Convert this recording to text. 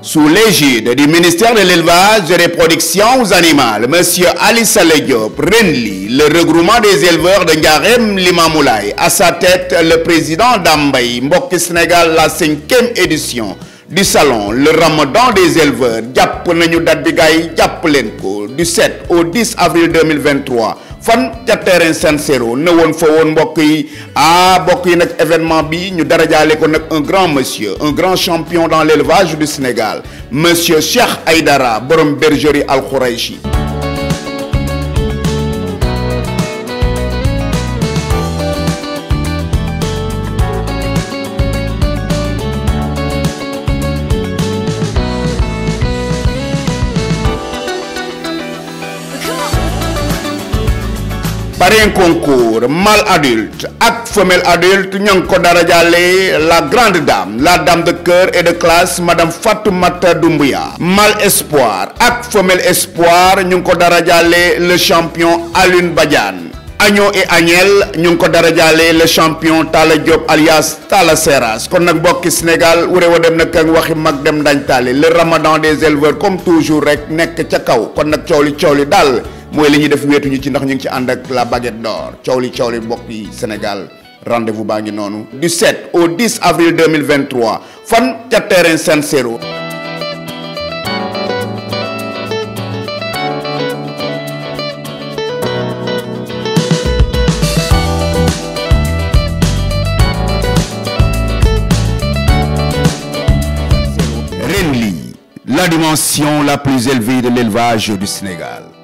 sous l'égide du ministère de l'élevage et des productions animales, M. Ali Diop Renli, le regroupement des éleveurs de Ngarem Limamoulay, à sa tête le président d'Ambaï, Mbok Sénégal, la cinquième édition du salon Le Ramadan des éleveurs, Diap du 7 au 10 avril 2023 fan ca terrain San Siro ne won fa woon mbokk yi ah mbokk yi événement bi ñu darajaale ko nak un grand monsieur un grand champion dans l'élevage du Sénégal monsieur Cheikh Aïdara borom bergerie Al Khouraychi un concours mâle adulte ak femelle adulte nous avons la grande dame la dame de cœur et de classe madame Fatoumata Doumbouya mâle espoir ak femelle espoir nous avons le champion Alun Badiane Agno et Agnel, nous avons le champion Tala alias Talaseras. Seras kon Senegal, mbokki Sénégal nous avons na le ramadan des éleveurs comme toujours rek nek ca kaw kon Dal moy li ñuy def weetuñu ci ndax ñu ngi ci and ak la baguette d'or ciowli ciowli coow Sénégal rendez-vous baangi nonu. du 7 au 10 avril 2023 fan ca terrain Sen Sero la dimension la plus élevée de l'élevage du Sénégal